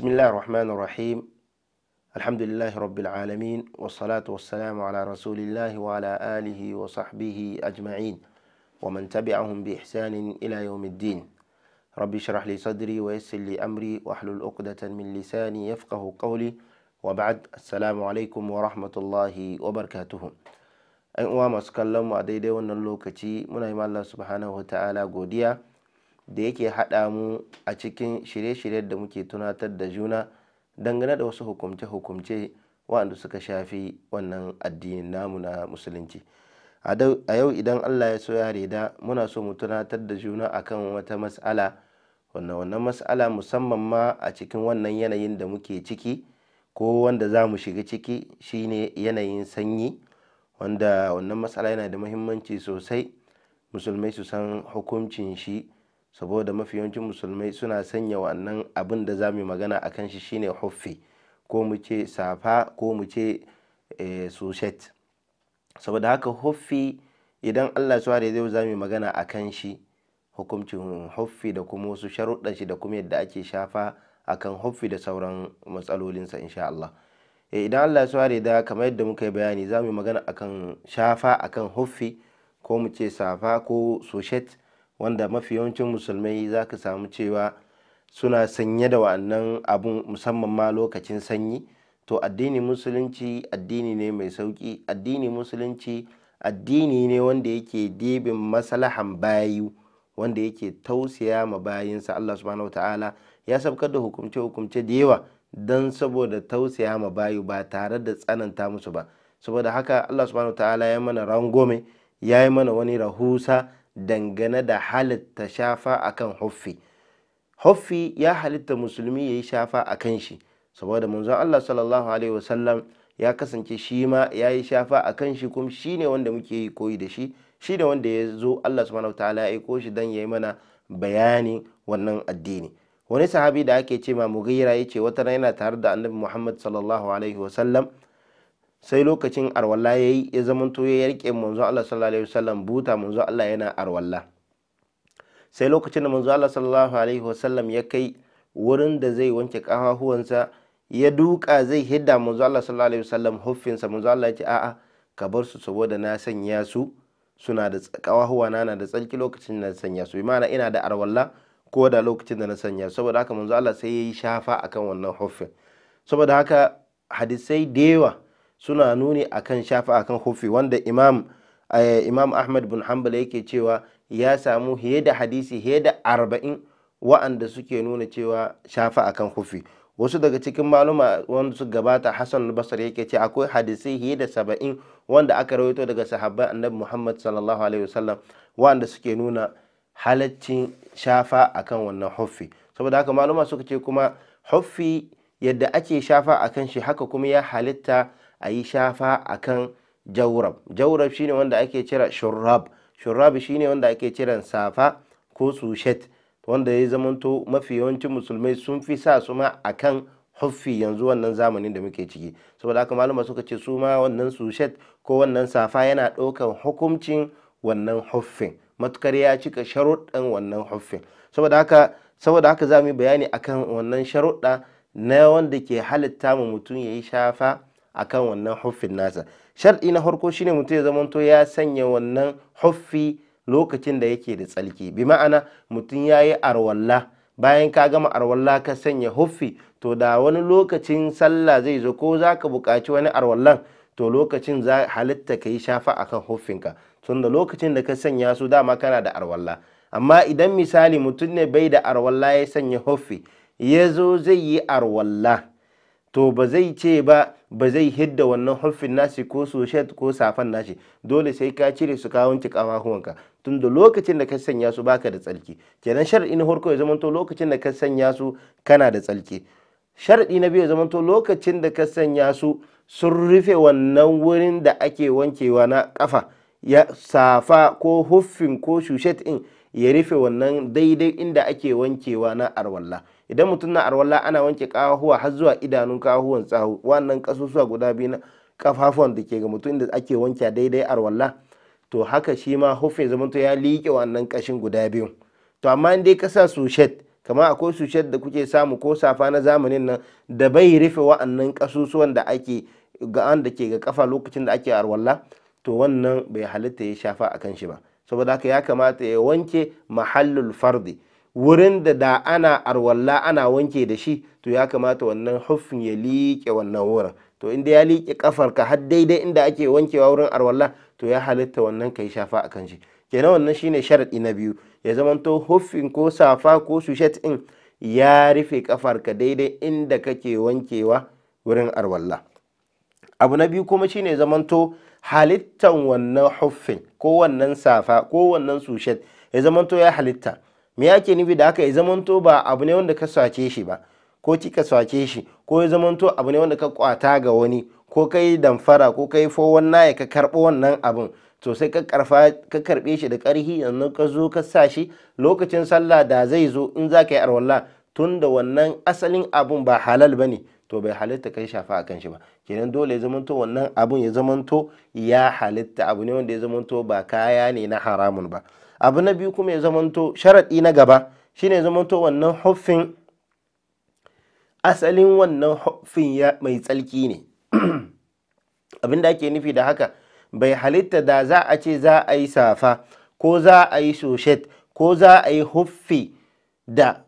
بسم الله الرحمن الرحيم الحمد لله رب العالمين والصلاة والسلام على رسول الله وعلى آله وصحبه أجمعين ومن تبعهم بإحسان إلى يوم الدين ربي اشرح لي صدري ويسر لي أمري واحلل عقدة من لساني يفقه قولي وبعد السلام عليكم ورحمة الله وبركاته أن أوام أسكالهم وأديدي ونالوكتي من الله سبحانه وتعالى قوديا da yake haɗa mu a cikin shirye-shiryen da muke tunatar da juna dangane da wasu hukumce-hukumce waɗanda suka shafi wannan addinin namu na musulunci a yau idan allah ya so ya reda muna so mu tunatar da juna akan wata mas'ala wannan wannan mas'ala musamman ma a cikin wannan yanayin da muke ciki ko wanda za mu shiga ciki shine yanayin sanyi wanda wannan mas'ala yana da muhimmanci sosai musulmai su san hukuncin shi saboda mafi yawancin musulmai suna sanya wannan abin da za mu magana a kan shi shine huffi ko mu ce safa ko mu ce eh, sushet saboda haka huffi idan allah suwa da zai za mu magana a kan shi hukuncin huffi da kuma wasu sharuɗan shi da kuma yadda ake shafa akan huffi da sauran matsalolinsa insha Allah eh, idan Allah suwa da kamar yadda muka yi bayani za mu magana a kan shafa a kan huffi ko mu ce safa ko sushet wanda mafi yawancin musulmai za ka samu cewa suna sanye da wa'annan abun musamman ma lokacin sanyi to addini musulunci addini ne mai sauki addini musulunci addini ne wanda yake dibin masalahan bayu wanda yake tausaya ma bayinsa Allah subhanahu wa ta'ala ya sabkar da hukumce-hukumce da yawa don saboda tausaya ma bayu ba tare da tsananta musu ba saboda haka Allah subhanahu wa ta'ala ya mana rangome ya yi mana wani rahusa dangane da halitta shafa akan huffi huffi ya halitta musulmi ya yi shafa a kan shi saboda manzon Allah sallallahu alaihi wasallam ya kasance shi ma ya yi shafa a kan shi kuma shi ne wanda muke yi koyi da shi shi ne wanda ya zo Allah subhanahu ta'ala ya aiko shi dan ya yi mana bayani wannan addini wani sahabi da ake ce ma mughira ya ce wata yana tare da annabi muhammad sallallahu alaihi wasallam sai lokacin arwalla yi ya zamanto ya yarke manzo Allah sallallahu alaihi wasallam buta manzo Allah yana arwalla sai lokacin da manzo Allah sallallahu alaihi wasallam ya kai wurin da zai wanke kafafuwansa ya duka zai hidda manzo Allah sallallahu alaihi wasallam huffinsa manzo Allah ya ce a'a ka bar su saboda na sanya su suna da kafafuwa na na da tsarki lokacin da na sanya su imana ina da arwalla ko da lokacin da na sanya saboda haka manzo Allah sai ya yi shafa akan wannan huffin saboda haka hadisai da yawa suna nuni a akan shafa kan hufi wanda imam eh, imam ahmad bin hanbal yake cewa ya samu fiye da hadisi fiye da arba'in wa'anda suke nuna cewa shafa kan hufi wasu daga cikin maluma wanda su gabata hassan basar yake ce akwai hadisi fiye da saba'in wanda aka rawaito daga sahabban annabi muhammad sallallahu alaihi wasallam wa'anda suke nuna halaccin shafa a kan wannan hufi saboda haka maluma suka ce kuma hufi yadda ake shafa a kan shi haka kuma ya halitta a yi shafa akan jawrab jawrab shine wanda ake cira shurrab shurrab shine wanda ake ciran safa ko sushet wanda ya zamanto mafi yawancin musulmai sun fi sa su ma a kan huffi yanzu wannan zamanin da muke ciki saboda haka malama suka ce su ma wannan sushet ko wannan safa yana ɗaukan hukuncin wannan huffin matukar ya cika sharuɗɗan wannan huffin saboda haka saboda za mu yi bayani akan wannan sharuɗa na wanda ke halitta mu mutum ya yi shafa akan wannan huffin nasa sharɗi na farko shine mutum ya zamanto ya sanya wannan huffi lokacin da yake da tsalki bi ma'ana mutum ya yi arwalla bayan ka gama arwalla ka sanya huffi to da wani lokacin sallah zai zo ko za ka buƙaci wani arwallan to lokacin za halitta ka yi shafa akan huffinka tunda lokacin da ka sanya su dama kana da arwalla amma idan misali mutum ne bai da arwalla ya sanya huffi ya zo zai yi arwalla to ba zai ce ba ba zai hidda wannan huffin nashi ko soshet ko safan nashi dole sai ka cire su kawon wanke kawahuwanka tun da lokacin da ka sanya su baka da tsalki kenan shar'i na farko ya zamanto lokacin da ka sanya su kana da tsalki sharɗi na biyu ya zamanto lokacin da ka sanya su sun rufe wannan wurin da ake wankewa na kafa ya safa ko huffin ko shushet din ya rufe wannan daidai inda ake wankewa na arwalla idan mutum na arwalla ana wanke kahuwa har zuwa idanun kahuwan tsahu wannan kasusuwa guda biyu na kafafuwan da ke ga mutum da ake wanke daidai arwalla to haka shi ma hufe zamanto ya liƙe wannan kashin guda biyu to amma in dai kasa sushet kamar akwai sushet da kuke samu ko safa na zamanin nan da bai rufe wa'annan kasusuwan da ake ga an da ke ga kafa lokacin da ake arwalla to wannan bai halitta ya shafa akan shi ba saboda haka ya kamata ya wanke mahallul fardi wurin da da ana arwalla ana wanke da shi to ya kamata wannan hufin ya liƙe wannan wurin to inda ya liƙe kafarka har daidai inda ake wankewa wurin arwalla to ya halitta wannan kai shafa a kan shi kenan wannan shine sharadi na biyu ya zamanto hufin ko safa ko sushet in ya rufe kafarka daidai inda kake wankewa wurin arwalla abu na biyu kuma shine zamanto halittan wannan hufin ko wannan safa ko wannan sushet ya zamanto ya halitta me yake nufi da haka ya zamanto ba abu ne wanda ka sace shi ba ko kika sace shi ko ya zamanto abu ne wanda ka kwata ga wani ko kai damfara ko kai fo wannan ka karɓo wannan abin to sai ka karɓe shi da ƙarfi yanzu ka zo ka sa shi lokacin sallah da zai zo in za ka yi arwalla tun da wannan asalin abun ba halal ba ne to bai halitta kai shafa a kan shi ba kenan dole ya zamanto wannan abun ya zamanto ya halitta abu ne wanda ya zamanto ba kaya ne na haramun ba abu na biyu kuma ya zamanto sharaɗi na gaba shine ya zamanto wannan huffin asalin wannan huffin mai tsalki ne abinda ake nufi da haka bai halitta da za a ce za a yi safa ko za a yi soshet ko za a yi huffi da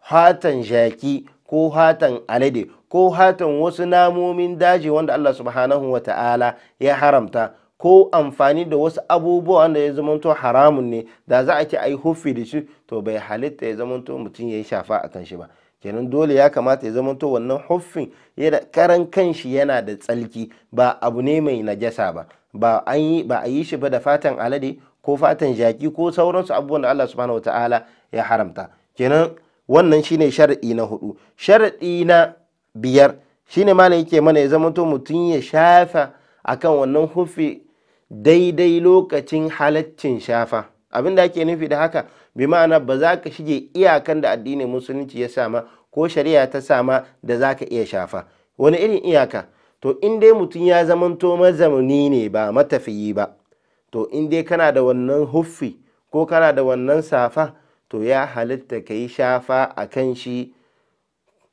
hatan jaki ko hatan alade ko hatan wasu namomin daji wanda Allah subhanahu wa ta'ala ya haramta ko amfani da wasu abubuwa da ya zamanto haramun ne da za a ce a yi huffi da shi to bai halitta ya zamanto mutum ya yi shafa a kan shi ba kenan dole ya kamata ya zamanto wannan huffin yana karan shi yana da tsalki ba abu ne mai najasa ba ba a yi shi ba da fatan alade ko fatan jaki ko sauransu abubuwan da Allah subhanahu wataala ya haramta kenan wannan shine shar'i na hudu shar'i na biyar shine malam yake mana ya zamanto mutum ya shafa akan wannan huffi daidai lokacin halaccin shafa abin da ake nufi da haka bi ma'ana ba za ka shige iyakan da addinin musulunci ya sama ko shari'a ta sama da za ka iya shafa wani irin iyaka to in dai mutum ya zamanto mazamuni ne ba matafiyi ba to in dai kana da wannan huffi ko kana da wannan safa to ya halitta ka yi shafa a kan shi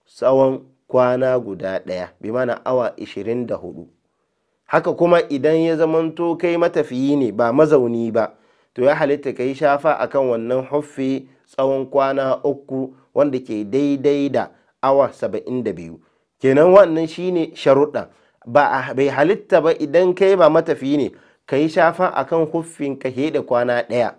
tsawon kwana guda ɗaya bi mana awa 24 haka kuma idan ya zamanto kai matafiyi ne ba mazauni ba to ya halitta ka yi shafa akan wannan huffi tsawon kwana uku wanda ke daidai da awa 72 kenan wannan shine sharuɗa ba bai halitta ba idan kai ba matafiyi ne ka yi shafa akan huffin ka da kwana ɗaya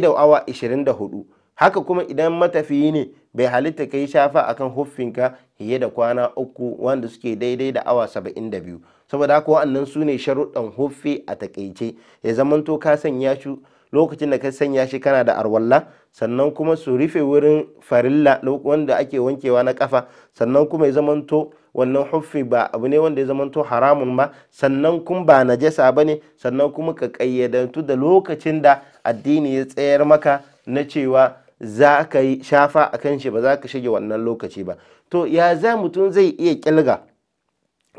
da awa 24 haka kuma idan matafiyi ne bai halitta ka yi shafa akan huffinka fiye da kwana uku wanda suke daidai da awa saba'in biyu saboda haka wa'annan su ne sharuɗan huffi a takaice ya zamanto ka sanya shi lokacin da ka sanya shi kana da arwalla sannan kuma su rufe wurin farilla wanda ake wankewa na kafa sannan kuma ya zamanto wannan huffi ba abu ne wanda ya zamanto haramun ba sannan kuma ba najasa ba ne sannan kuma ka kayyadantu da lokacin da addini ya tsayar maka na cewa za ka yi shafa a kan shi ba za ka shige wannan lokaci ba to ya za mutum zai iya kilga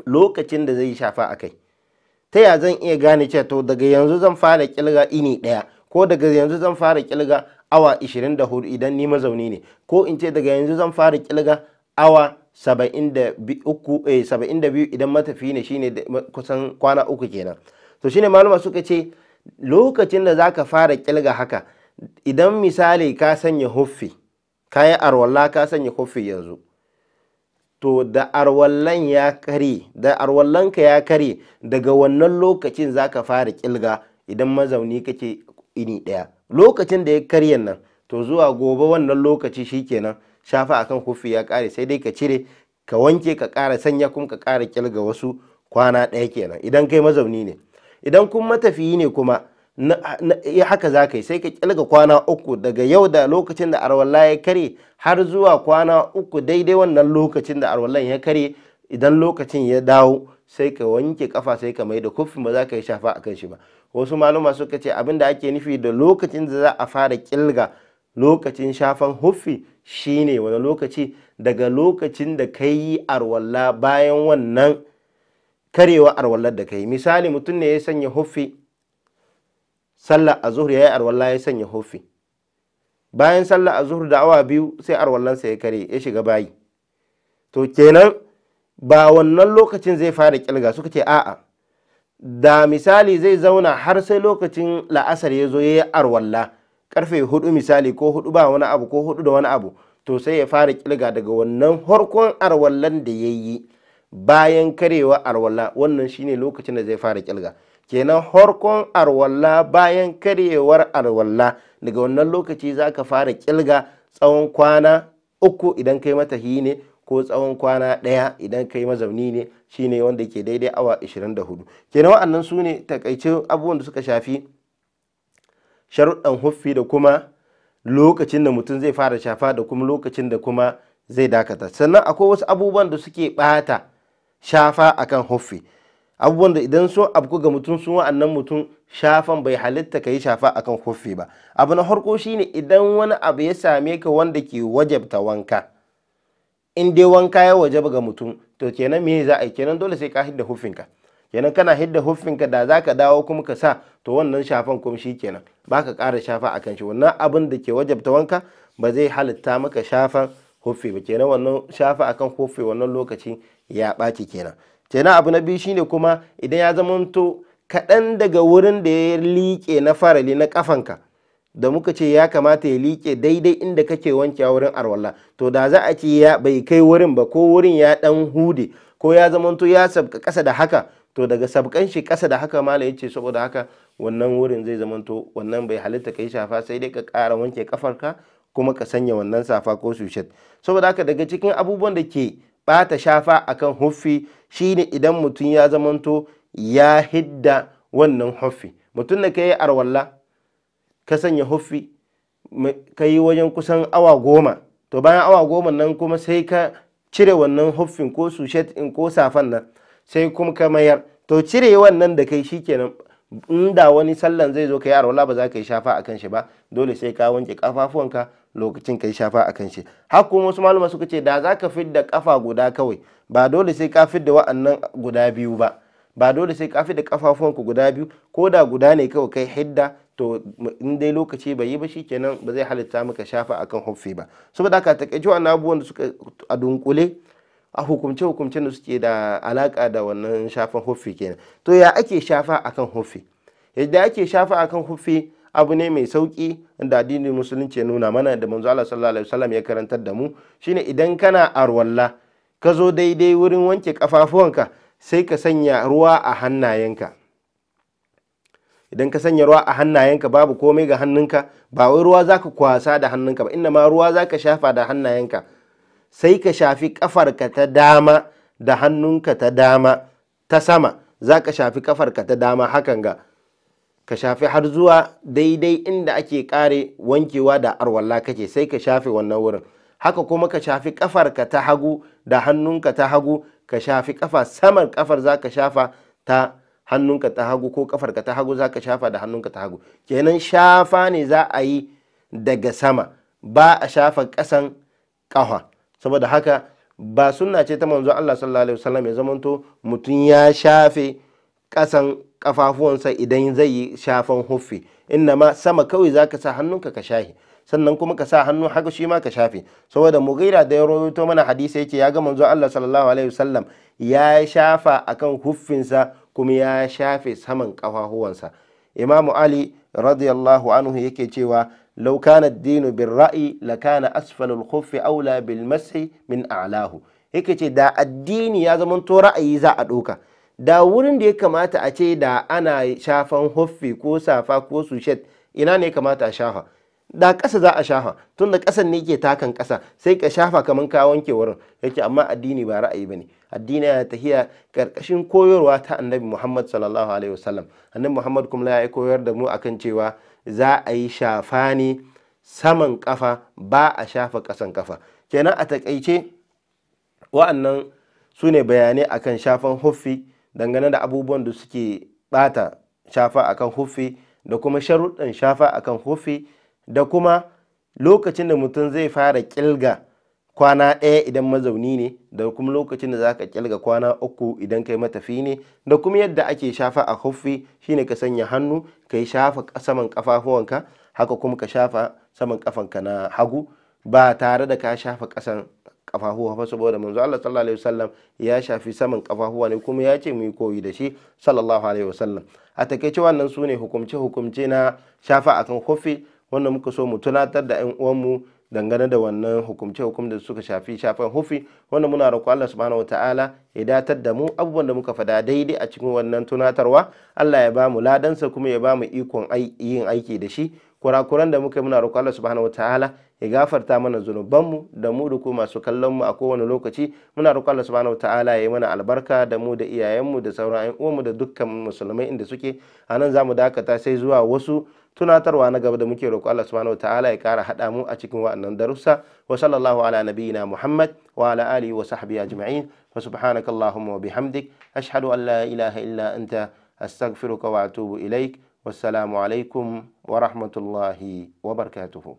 lokacin da zai shafa a kai ta ya zan iya gane cewa to daga yanzu zan fara kilga ini ɗaya ko daga yanzu zan fara kilga awa 24 idan ni mazauni ne ko in ce daga yanzu zan fara kilga awa 72 eh, idan matafi ne shine kusan kwana uku kenan to shine maluma suka ce lokacin da zaka fara kilga haka idan misali ka sanya huffi ka yi arwalla ka sanya huffi yanzu to da arwallan ya kare da arwallanka ya kare daga wannan lokacin zaka fara kilga idan mazauni kake ini ɗaya lokacin da ya karye nan to zuwa gobe wannan lokaci kenan shafa akan huffi ya kare sai dai ka cire ka wanke ka kara sanya kuma ka kara kilga wasu kwana ɗaya kenan idan kai mazauni ne idan kun matafiyi ne kuma Eh, haka za ka yi sai ka kilga kwana uku daga yau da lokacin da arwallah ya kare har zuwa kwana uku daidai wannan lokacin da arwallan ya kare idan lokacin ya dawo sai ka wanke kafa sai ka mai da kufin ba za ka yi shafa a kan shi ba wasu maluma suka ce abin da ake nufi da lokacin da za a fara kilga lokacin shafan huffi shine wani lokaci daga lokacin da ka yi arwalla bayan wannan karewa arwallar da ka yi misali mutum ne ya sanya hufi. sallah a al-zuhur ya yi arwalla ya sanya hofi bayan sallah a zuhur da awa biyu sai arwallansa ya kare ya shiga bayi to kenan ba wannan lokacin zai fara kilga suka ce a'a da misali zai zauna har sai lokacin la'asar ya zo ya yi arwalla karfe hudu misali ko hudu ba wani abu ko hudu da wani abu to sai ya fara kilga daga wannan harkon arwallan da ya yi bayan karewa arwalla wannan shine lokacin da zai fara kilga kenan horkon arwalla bayan karyewar arwalla daga wannan lokaci za ka fara kilga tsawon kwana uku idan kai mata ne ko tsawon kwana ɗaya idan kai mazauni ne shine wanda ke daidai awa 24 kenan wa'annan su ne takaicin abubuwan da suka shafi sharuɗan huffi da kuma lokacin da mutum zai fara shafa da kuma lokacin da kuma zai dakata sannan akwai wasu abubuwan da suke ɓata shafa akan huffi abubuwan da idan sun abu ga mutum sun wa'annan mutum shafan bai halitta ka yi shafa akan kofi ba abu na harko shine idan wani abu ya same ka wanda ke wajabta wanka in dai wanka ya wajab ga mutum to kenan me za a yi kenan dole sai ka hidda hufinka kenan kana hidda hufinka da za ka dawo kuma ka sa to wannan shafan kuma shi kenan baka kara shafa akan shi wannan abin da ke wajabta wanka ba zai halitta maka shafan hufi ba kenan wannan shafa akan hufi wannan lokaci ya ɓaci kenan kenan abu na biyu shine kuma idan ya zamanto kaɗan daga wurin da ya liƙe na farali na ƙafanka da muka ce ya kamata ya liƙe daidai inda kake wanke a wurin arwalla to da za a ce ya bai kai wurin ba ko wurin ya ɗan hude ko ya zamanto ya sabka ƙasa da haka to daga sabkan shi ƙasa da haka mala ya ce saboda haka wannan wurin zai zamanto wannan bai halitta kai shafa sai dai ka ƙara wanke ƙafarka kuma ka sanya wannan safa ko sushet saboda haka daga cikin abubuwan da ke bata shafa akan huffi shine idan mutum ya zamanto ya hidda wannan huffi mutum da ka yi arwalla ka sanya huffi ka yi wajen kusan awa goma to bayan awa goma nan kuma sai ka cire wannan huffin ko sushet in ko safan nan sai kuma ka mayar to cire wannan da kai shikenan da wani sallan zai zo ka yi arwala ba za ka yi shafa a kan shi ba dole sai ka wanke kafafuwanka lokacin ka yi shafa a kan shi har kuma wasu malama suka ce da za ka fidda kafa guda kawai ba dole sai ka fidda wa'annan guda biyu ba ba dole sai ka fidda kafafuwanka guda biyu ko da guda ne kawai kai hidda to in dai lokaci bai yi ba shi kenan ba zai halitta maka shafa akan huffi ba saboda haka takaice wannan abubuwan da suka a dunkule a hukumce hukumcen da suke da alaka da wannan shafan huffi kenan to ya ake shafa akan huffi yadda ake shafa akan huffi abu ne mai sauki da addinin musulunci nuna mana da manzo Allah sallallahu alaihi wasallam ya karantar da mu shine idan kana arwalla ka zo daidai wurin wanke kafafuwanka sai ka sanya ruwa a hannayenka idan ka sanya ruwa a hannayenka babu komai ga hannunka ba wai ruwa zaka kwasa da hannunka ba inna ma ruwa zaka shafa da hannayenka sai ka shafi kafarka ta dama da hannunka ta dama ta sama za ka shafi kafarka ta dama hakan ga ka shafi har zuwa daidai inda ake kare wankewa da arwalla kake sai ka shafe wannan wurin haka kuma ka shafi kafarka ta hagu da hannunka ta hagu ka shafi kafa saman kafar za ka shafa ta hannunka ta hagu ko kafarka ta hagu za ka shafa da hannunka ta hagu kenan shafa ne za a yi daga sama ba a shafa kasan ƙafa saboda haka ba sunna ce ta manzo Allah sallallahu alaihi wasallam ya zamanto mutum ya shafe kasan kafafuwansa idan zai yi shafan huffi inna ma sama kawai zaka sa hannunka ka shahi sannan kuma ka sa hannu haka shi ma ka shafe saboda mugira da ya rawaito mana hadisi yace ya ga manzo Allah sallallahu alaihi wasallam ya shafa akan huffinsa kuma ya shafe saman kafafuwansa imamu ali radiyallahu anhu yake cewa لو كان الدين بالرأي لكان أسفل الخف أولى بالمسح من أعلاه yake ce da addini ya zamanto ra'ayi za a ɗauka da wurin da ya kamata a ce da ana shafan hoffi ko safa ko sushet ina ne kamata a shafa da ƙasa za a shafa tun ƙasan ne ke takan ƙasa sai ka shafa kamar ka wanke wurin yake amma addini ba ra'ayi ba ne addini ya tahiya karkashin koyarwa ta annabi muhammad sallallahu alaihi wasallam annabi muhammad kuma ya koyar da mu akan cewa za a yi shafa saman kafa ba a shafa kasan kafa kenan a takaice wa'annan su ne bayanai akan shafan huffi dangane da abubuwan da suke bata shafa akan huffi da kuma sharuɗan shafa akan huffi da kuma lokacin da mutum zai fara kilga kwana ɗaya idan mazauni ne da kuma lokacin da za ka kyalga kwana uku idan kai matafi ne da kuma yadda ake shafa a kofi shine ka sanya hannu ka yi shafa saman kafafuwanka haka kuma ka shafa saman kafanka na hagu ba tare da ka shafa ƙasan kafafuwa fa saboda manzo Allah sallallahu alaihi wasallam ya shafi saman kafafuwa ne kuma ya ce mu yi koyi da shi sallallahu alaihi wasallam a takaice wannan sune hukumce hukumce na shafa akan huffi wanda muka so mu tunatar da 'yan uwanmu dangane da wannan hukumce hukum da suka shafi shafan hufi wanda muna roƙo Allah subhanahu wataala ya datar da mu abubuwan da muka fada daidai a cikin wannan tunatarwa Allah ya bamu ladansa kuma ya bamu ikon yin aiki da shi kurakuran da muka muna roƙo Allah subhanahu wataala ya gafarta mana zunubanmu da mu da ku masu kallon mu a kowane lokaci muna roƙo Allah subhanahu wataala ya yi mana albarka da mu da iyayenmu da sauran mu da dukkan musulmai inda suke anan zamu dakata sai zuwa wasu tunatarwa na gaba da muke roƙo Allah subhanahu wataala ya kara hada mu a cikin wa'annan darussa wa sallallahu ala nabiyyina Muhammad wa ala alihi wa sahbihi ajma'in wa subhanaka allahumma wa bihamdik ashhadu an la ilaha illa anta astaghfiruka wa atubu ilaik wassalamu alaikum wa rahmatullahi wa barakatuhu